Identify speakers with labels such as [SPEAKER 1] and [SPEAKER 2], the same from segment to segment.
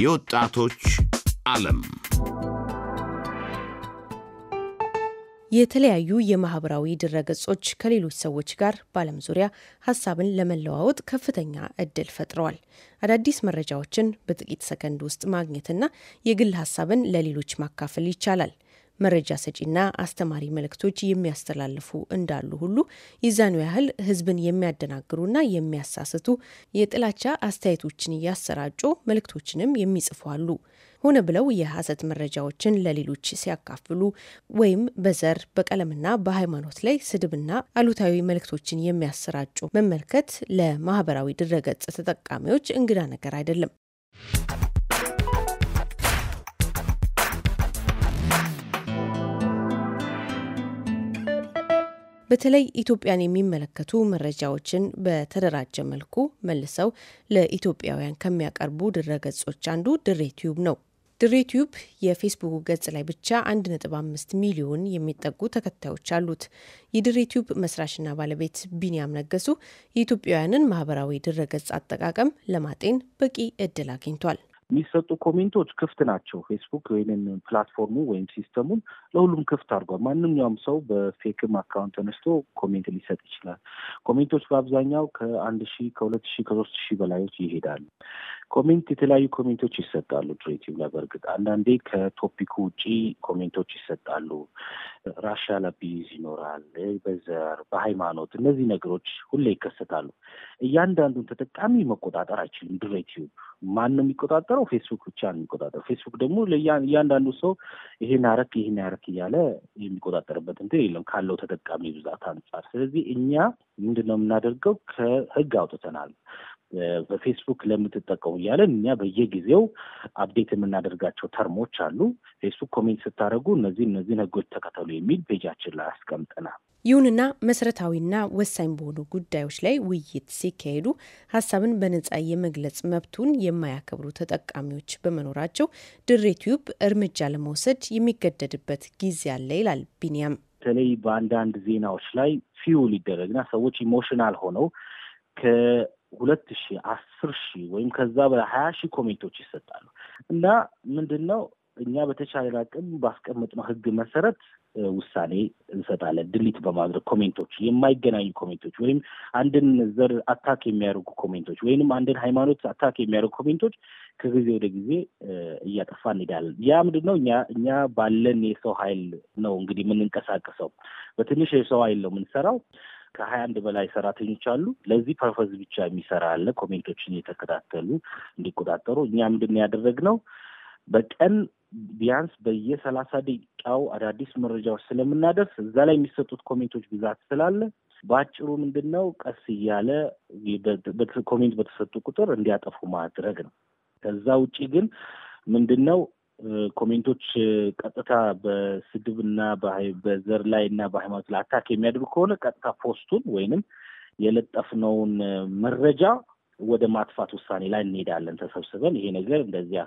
[SPEAKER 1] የወጣቶች ዓለም
[SPEAKER 2] የተለያዩ የማህበራዊ ድረገጾች ከሌሎች ሰዎች ጋር በዓለም ዙሪያ ሀሳብን ለመለዋወጥ ከፍተኛ እድል ፈጥረዋል። አዳዲስ መረጃዎችን በጥቂት ሰከንድ ውስጥ ማግኘትና የግል ሀሳብን ለሌሎች ማካፈል ይቻላል። መረጃ ሰጪና አስተማሪ መልእክቶች የሚያስተላልፉ እንዳሉ ሁሉ ይዛኑ ያህል ህዝብን የሚያደናግሩና የሚያሳስቱ የጥላቻ አስተያየቶችን እያሰራጩ መልእክቶችንም የሚጽፉ አሉ። ሆነ ብለው የሐሰት መረጃዎችን ለሌሎች ሲያካፍሉ ወይም በዘር በቀለምና በሃይማኖት ላይ ስድብና አሉታዊ መልእክቶችን የሚያሰራጩ መመልከት ለማህበራዊ ድረገጽ ተጠቃሚዎች እንግዳ ነገር አይደለም። በተለይ ኢትዮጵያን የሚመለከቱ መረጃዎችን በተደራጀ መልኩ መልሰው ለኢትዮጵያውያን ከሚያቀርቡ ድረገጾች አንዱ ድሬ ቲዩብ ነው። ድሬ ቲዩብ የፌስቡክ ገጽ ላይ ብቻ 1.5 ሚሊዮን የሚጠጉ ተከታዮች አሉት። የድሬ ቲዩብ መስራችና ባለቤት ቢንያም ነገሱ የኢትዮጵያውያንን ማህበራዊ ድረገጽ አጠቃቀም ለማጤን በቂ እድል አግኝቷል።
[SPEAKER 3] የሚሰጡ ኮሜንቶች ክፍት ናቸው። ፌስቡክ ወይም ፕላትፎርሙ ወይም ሲስተሙን ለሁሉም ክፍት አድርጓል። ማንኛውም ሰው በፌክም አካውንት ተነስቶ ኮሜንት ሊሰጥ ይችላል። ኮሜንቶች በአብዛኛው ከአንድ ሺህ ከሁለት ሺህ ከሶስት ሺህ በላዮች ይሄዳሉ። ኮሜንት የተለያዩ ኮሜንቶች ይሰጣሉ። ትሬቲቭ ላይ በእርግጥ አንዳንዴ ከቶፒኩ ውጪ ኮሜንቶች ይሰጣሉ። ራሻ ለቢዝ ይኖራል፣ በዘር በሃይማኖት እነዚህ ነገሮች ሁሌ ይከሰታሉ። እያንዳንዱን ተጠቃሚ መቆጣጠር አይችልም። ድሬቲቭ ማን ነው የሚቆጣጠረው? ፌስቡክ ብቻ ነው የሚቆጣጠረው። ፌስቡክ ደግሞ እያንዳንዱ ሰው ይሄን አረክ ይሄን አረክ እያለ የሚቆጣጠርበት እንትን የለም ካለው ተጠቃሚ ብዛት አንጻር። ስለዚህ እኛ ምንድን ነው የምናደርገው? ከህግ አውጥተናል በፌስቡክ ለምትጠቀሙ እያለን እኛ በየጊዜው አፕዴት የምናደርጋቸው ተርሞች አሉ። ፌስቡክ ኮሜንት ስታደርጉ እነዚህ እነዚህን ህጎች ተከተሉ የሚል ፔጃችን ላይ አስቀምጠናል።
[SPEAKER 2] ይሁንና መሰረታዊና ወሳኝ በሆኑ ጉዳዮች ላይ ውይይት ሲካሄዱ ሀሳብን በነጻ የመግለጽ መብቱን የማያከብሩ ተጠቃሚዎች በመኖራቸው ድሬትዩብ እርምጃ ለመውሰድ የሚገደድበት ጊዜ አለ ይላል ቢኒያም።
[SPEAKER 3] በተለይ በአንዳንድ ዜናዎች ላይ ፊውል ይደረግና ሰዎች ኢሞሽናል ሆነው ሁለት ሺ አስር ሺ ወይም ከዛ በላይ ሀያ ሺ ኮሜንቶች ይሰጣሉ እና ምንድን ነው እኛ በተቻለን አቅም ባስቀመጥነው ህግ መሰረት ውሳኔ እንሰጣለን። ድሊት በማድረግ ኮሜንቶች፣ የማይገናኙ ኮሜንቶች ወይም አንድን ዘር አታክ የሚያደርጉ ኮሜንቶች ወይም አንድን ሃይማኖት አታክ የሚያደርጉ ኮሜንቶች ከጊዜ ወደ ጊዜ እያጠፋ እንሄዳለን። ያ ምንድን ነው እኛ እኛ ባለን የሰው ኃይል ነው እንግዲህ የምንንቀሳቀሰው። በትንሽ የሰው ኃይል ነው የምንሰራው። ከሀያ አንድ በላይ ሰራተኞች አሉ። ለዚህ ፐርፐዝ ብቻ የሚሰራ አለ። ኮሜንቶችን እየተከታተሉ እንዲቆጣጠሩ እኛ ምንድን ነው በቀን ቢያንስ በየሰላሳ ደቂቃው አዳዲስ መረጃዎች ስለምናደርስ እዛ ላይ የሚሰጡት ኮሜንቶች ብዛት ስላለ በአጭሩ ምንድን ነው ቀስ እያለ ኮሜንት በተሰጡ ቁጥር እንዲያጠፉ ማድረግ ነው። ከዛ ውጪ ግን ምንድን ነው ኮሜንቶች ቀጥታ በስድብ በዘር ላይ እና በሃይማኖት ላይ አታክ የሚያደርጉ ከሆነ ቀጥታ ፖስቱን ወይንም የለጠፍነውን መረጃ ወደ ማጥፋት ውሳኔ ላይ እንሄዳለን ተሰብስበን ይሄ ነገር እንደዚህ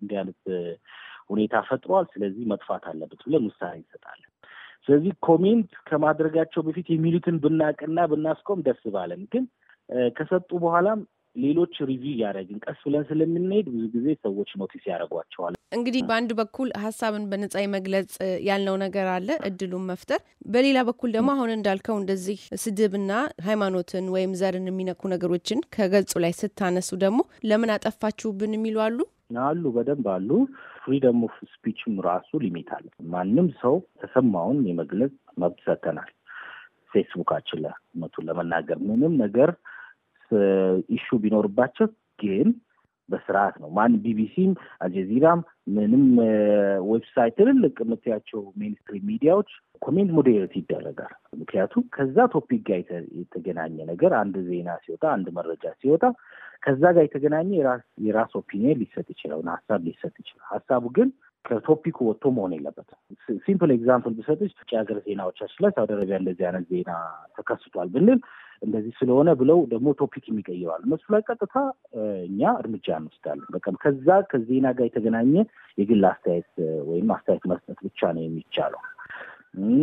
[SPEAKER 3] እንዲህ አይነት ሁኔታ ፈጥሯል፣ ስለዚህ መጥፋት አለበት ብለን ውሳኔ እንሰጣለን። ስለዚህ ኮሜንት ከማድረጋቸው በፊት የሚሉትን ብናቅና ብናስቆም ደስ ባለን፣ ግን ከሰጡ በኋላም ሌሎች ሪቪው እያደረግን ቀስ ብለን ስለምንሄድ ብዙ ጊዜ ሰዎች ኖቲስ ያደርጓቸዋል።
[SPEAKER 2] እንግዲህ በአንድ በኩል ሀሳብን በነጻ መግለጽ ያልነው ነገር አለ፣ እድሉን መፍጠር። በሌላ በኩል ደግሞ አሁን እንዳልከው እንደዚህ ስድብና ሃይማኖትን ወይም ዘርን የሚነኩ ነገሮችን ከገጹ ላይ ስታነሱ ደግሞ ለምን አጠፋችሁብን የሚሉ አሉ
[SPEAKER 3] አሉ፣ በደንብ አሉ። ፍሪደም ኦፍ ስፒችም ራሱ ሊሚት አለ። ማንም ሰው ተሰማውን የመግለጽ መብት ሰጥተናል። ፌስቡካችን ለመቱ ለመናገር ምንም ነገር ኢሹ uh, ቢኖርባቸው ግን በስርዓት ነው። ማን ቢቢሲም አልጀዚራም ምንም ዌብሳይት uh, ትልልቅ የምትያቸው ሜንስትሪም ሚዲያዎች ኮሜንት ሞዴሬት ይደረጋል። ምክንያቱም ከዛ ቶፒክ ጋር የተገናኘ ነገር አንድ ዜና ሲወጣ፣ አንድ መረጃ ሲወጣ ከዛ ጋር የተገናኘ የራስ ኦፒኒየን ሊሰጥ ይችላል፣ ሀሳብ ሊሰጥ ይችላል። ሀሳቡ ግን ከቶፒኩ ወጥቶ መሆን የለበትም። ሲምፕል ኤግዛምፕል ብሰጥች ውጭ ሀገር ዜናዎቻችን ላይ ሳውዲ አረቢያ እንደዚህ አይነት ዜና ተከስቷል ብንል እንደዚህ ስለሆነ ብለው ደግሞ ቶፒክ የሚቀይራሉ። እነሱ ላይ ቀጥታ እኛ እርምጃ እንወስዳለን። በቃም ከዛ ከዜና ጋር የተገናኘ የግል አስተያየት ወይም አስተያየት መስጠት ብቻ ነው የሚቻለው።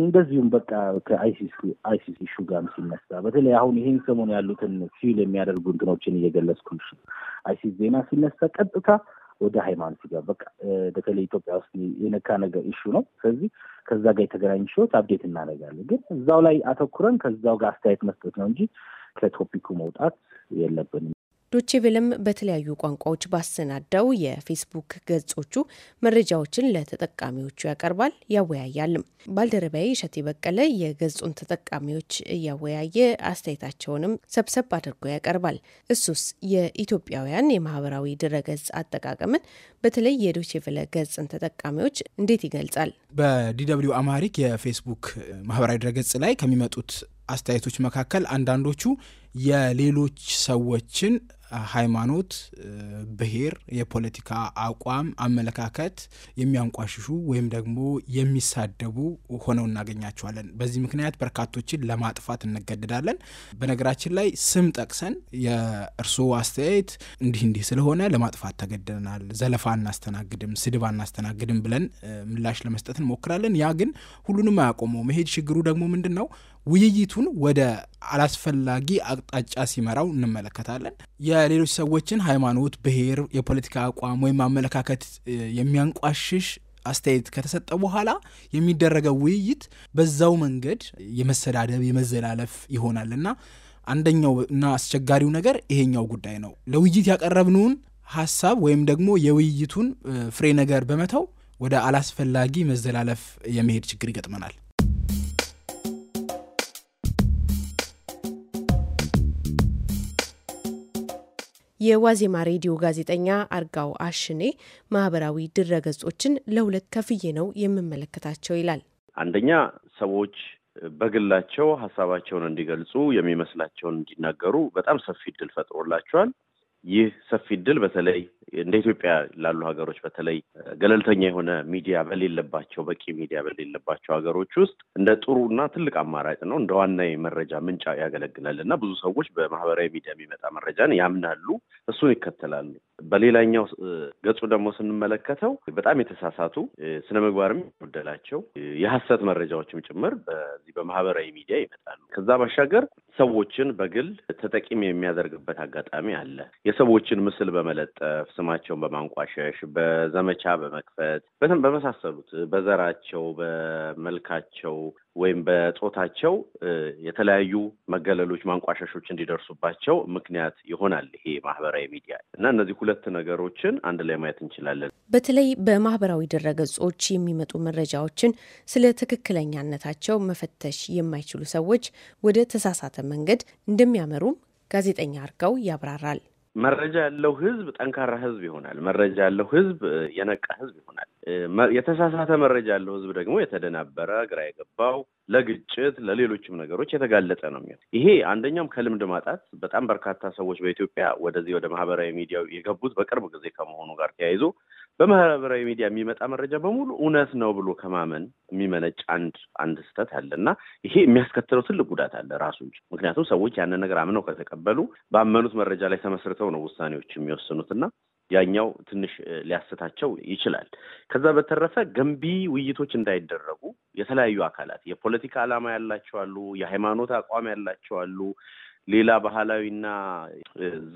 [SPEAKER 3] እንደዚሁም በቃ ከአይሲስ ኢሹ ጋርም ሲነሳ በተለይ አሁን ይሄን ሰሞን ያሉትን ፊል የሚያደርጉ እንትኖችን እየገለጽኩልሽ አይሲስ ዜና ሲነሳ ቀጥታ ወደ ሃይማኖት ሲገባ በቃ በተለይ ኢትዮጵያ ውስጥ የነካ ነገር ኢሹ ነው። ስለዚህ ከዛ ጋር የተገናኝ ሾዎች አብዴት እናደርጋለን። ግን እዛው ላይ አተኩረን ከዛው ጋር አስተያየት መስጠት ነው እንጂ ከቶፒኩ መውጣት የለብንም።
[SPEAKER 2] ዶቼቬለም በተለያዩ ቋንቋዎች ባሰናዳው የፌስቡክ ገጾቹ መረጃዎችን ለተጠቃሚዎቹ ያቀርባል፣ ያወያያልም። ባልደረባዬ እሸቴ በቀለ የገጹን ተጠቃሚዎች እያወያየ አስተያየታቸውንም ሰብሰብ አድርጎ ያቀርባል። እሱስ የኢትዮጵያውያን የማህበራዊ ድረገጽ አጠቃቀምን በተለይ የዶችቬለ ገጽን ተጠቃሚዎች እንዴት ይገልጻል?
[SPEAKER 4] በዲደብሊው አማሪክ የፌስቡክ ማህበራዊ ድረገጽ ላይ ከሚመጡት አስተያየቶች መካከል አንዳንዶቹ የሌሎች ሰዎችን ሃይማኖት፣ ብሄር የፖለቲካ አቋም፣ አመለካከት የሚያንቋሽሹ ወይም ደግሞ የሚሳደቡ ሆነው እናገኛቸዋለን። በዚህ ምክንያት በርካቶችን ለማጥፋት እንገደዳለን። በነገራችን ላይ ስም ጠቅሰን የእርስዎ አስተያየት እንዲህ እንዲህ ስለሆነ ለማጥፋት ተገደናል፣ ዘለፋ አናስተናግድም፣ ስድብ አናስተናግድም ብለን ምላሽ ለመስጠት እንሞክራለን። ያ ግን ሁሉንም አያቆመው መሄድ። ችግሩ ደግሞ ምንድን ነው? ውይይቱን ወደ አላስፈላጊ አቅጣጫ ሲመራው እንመለከታለን። የሌሎች ሰዎችን ሃይማኖት፣ ብሔር፣ የፖለቲካ አቋም ወይም አመለካከት የሚያንቋሽሽ አስተያየት ከተሰጠ በኋላ የሚደረገው ውይይት በዛው መንገድ የመሰዳደብ የመዘላለፍ ይሆናል እና አንደኛው እና አስቸጋሪው ነገር ይሄኛው ጉዳይ ነው። ለውይይት ያቀረብነውን ሀሳብ ወይም ደግሞ የውይይቱን ፍሬ ነገር በመተው ወደ አላስፈላጊ መዘላለፍ የመሄድ ችግር ይገጥመናል።
[SPEAKER 2] የዋዜማ ሬዲዮ ጋዜጠኛ አርጋው አሽኔ ማህበራዊ ድረገጾችን ለሁለት ከፍዬ ነው የምመለከታቸው ይላል።
[SPEAKER 1] አንደኛ ሰዎች በግላቸው ሀሳባቸውን እንዲገልጹ የሚመስላቸውን እንዲናገሩ በጣም ሰፊ እድል ፈጥሮላቸዋል። ይህ ሰፊ እድል በተለይ እንደ ኢትዮጵያ ላሉ ሀገሮች በተለይ ገለልተኛ የሆነ ሚዲያ በሌለባቸው በቂ ሚዲያ በሌለባቸው ሀገሮች ውስጥ እንደ ጥሩ እና ትልቅ አማራጭ ነው። እንደ ዋና የመረጃ ምንጭ ያገለግላል እና ብዙ ሰዎች በማህበራዊ ሚዲያ የሚመጣ መረጃን ያምናሉ፣ እሱን ይከተላሉ። በሌላኛው ገጹ ደግሞ ስንመለከተው በጣም የተሳሳቱ ስነ ምግባርም የጎደላቸው የሀሰት መረጃዎችም ጭምር በዚህ በማህበራዊ ሚዲያ ይመጣሉ። ከዛ ባሻገር ሰዎችን በግል ተጠቂም የሚያደርግበት አጋጣሚ አለ። የሰዎችን ምስል በመለጠፍ ስማቸውን በማንቋሸሽ በዘመቻ በመክፈት በመሳሰሉት በዘራቸው፣ በመልካቸው፣ ወይም በጾታቸው የተለያዩ መገለሎች፣ ማንቋሸሾች እንዲደርሱባቸው ምክንያት ይሆናል ይሄ ማህበራዊ ሚዲያ እና እነዚህ ሁለት ነገሮችን አንድ ላይ ማየት እንችላለን።
[SPEAKER 2] በተለይ በማህበራዊ ድረገጾች የሚመጡ መረጃዎችን ስለ ትክክለኛነታቸው መፈተሽ የማይችሉ ሰዎች ወደ ተሳሳተ መንገድ እንደሚያመሩም ጋዜጠኛ አርጋው ያብራራል።
[SPEAKER 1] መረጃ ያለው ህዝብ ጠንካራ ህዝብ ይሆናል። መረጃ ያለው ህዝብ የነቃ ህዝብ ይሆናል። የተሳሳተ መረጃ ያለው ህዝብ ደግሞ የተደናበረ፣ ግራ የገባው፣ ለግጭት ለሌሎችም ነገሮች የተጋለጠ ነው የሚሆን። ይሄ አንደኛውም ከልምድ ማጣት በጣም በርካታ ሰዎች በኢትዮጵያ ወደዚህ ወደ ማህበራዊ ሚዲያው የገቡት በቅርብ ጊዜ ከመሆኑ ጋር ተያይዞ በማህበራዊ ሚዲያ የሚመጣ መረጃ በሙሉ እውነት ነው ብሎ ከማመን የሚመነጭ አንድ አንድ ስህተት አለ እና ይሄ የሚያስከትለው ትልቅ ጉዳት አለ ራሱ እንጂ። ምክንያቱም ሰዎች ያንን ነገር አምነው ከተቀበሉ ባመኑት መረጃ ላይ ተመስርተው ነው ውሳኔዎች የሚወስኑት እና ያኛው ትንሽ ሊያስታቸው ይችላል። ከዛ በተረፈ ገንቢ ውይይቶች እንዳይደረጉ የተለያዩ አካላት የፖለቲካ ዓላማ ያላቸው አሉ፣ የሃይማኖት አቋም ያላቸው አሉ፣ ሌላ ባህላዊና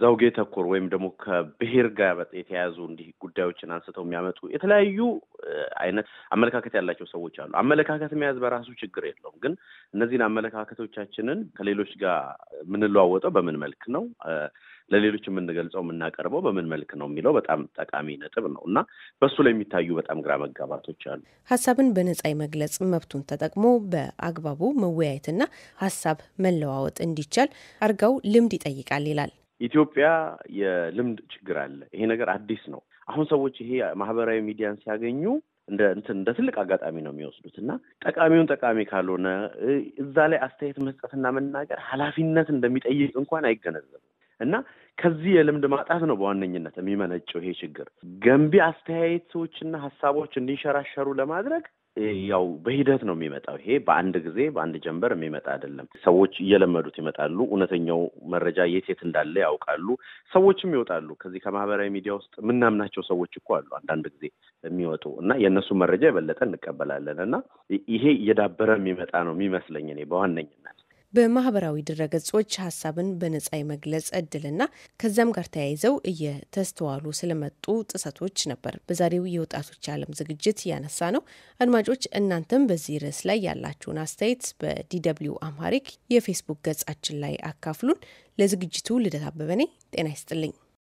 [SPEAKER 1] ዘውጌ ተኮር ወይም ደግሞ ከብሔር ጋር የተያያዙ እንዲህ ጉዳዮችን አንስተው የሚያመጡ የተለያዩ አይነት አመለካከት ያላቸው ሰዎች አሉ። አመለካከት መያዝ በራሱ ችግር የለውም። ግን እነዚህን አመለካከቶቻችንን ከሌሎች ጋር የምንለዋወጠው በምን መልክ ነው? ለሌሎች የምንገልጸው የምናቀርበው በምን መልክ ነው የሚለው በጣም ጠቃሚ ነጥብ ነው እና በሱ ላይ የሚታዩ በጣም ግራ መጋባቶች አሉ።
[SPEAKER 2] ሀሳብን በነጻ መግለጽ መብቱን ተጠቅሞ በአግባቡ መወያየትና ሀሳብ መለዋወጥ እንዲቻል አርጋው ልምድ ይጠይቃል ይላል።
[SPEAKER 1] ኢትዮጵያ የልምድ ችግር አለ። ይሄ ነገር አዲስ ነው። አሁን ሰዎች ይሄ ማህበራዊ ሚዲያን ሲያገኙ እንደ እንትን እንደ ትልቅ አጋጣሚ ነው የሚወስዱት እና ጠቃሚውን ጠቃሚ ካልሆነ እዛ ላይ አስተያየት መስጠትና መናገር ኃላፊነት እንደሚጠይቅ እንኳን አይገነዘብም እና ከዚህ የልምድ ማጣት ነው በዋነኝነት የሚመነጨው ይሄ ችግር። ገንቢ አስተያየቶችና ሀሳቦች እንዲንሸራሸሩ ለማድረግ ያው በሂደት ነው የሚመጣው። ይሄ በአንድ ጊዜ በአንድ ጀንበር የሚመጣ አይደለም። ሰዎች እየለመዱት ይመጣሉ። እውነተኛው መረጃ የት የት እንዳለ ያውቃሉ። ሰዎችም ይወጣሉ። ከዚህ ከማህበራዊ ሚዲያ ውስጥ የምናምናቸው ሰዎች እኮ አሉ አንዳንድ ጊዜ የሚወጡ እና የእነሱ መረጃ የበለጠ እንቀበላለን እና ይሄ እየዳበረ የሚመጣ ነው የሚመስለኝ እኔ በዋነኝነት
[SPEAKER 2] በማህበራዊ ድረገጾች ሀሳብን በነጻ የመግለጽ እድልና ከዚያም ጋር ተያይዘው እየተስተዋሉ ስለመጡ ጥሰቶች ነበር በዛሬው የወጣቶች ዓለም ዝግጅት ያነሳ ነው። አድማጮች እናንተም በዚህ ርዕስ ላይ ያላችሁን አስተያየት በዲደብሊው አማሪክ የፌስቡክ ገጻችን ላይ አካፍሉን። ለዝግጅቱ ልደት አበበ ነኝ። ጤና ይስጥልኝ።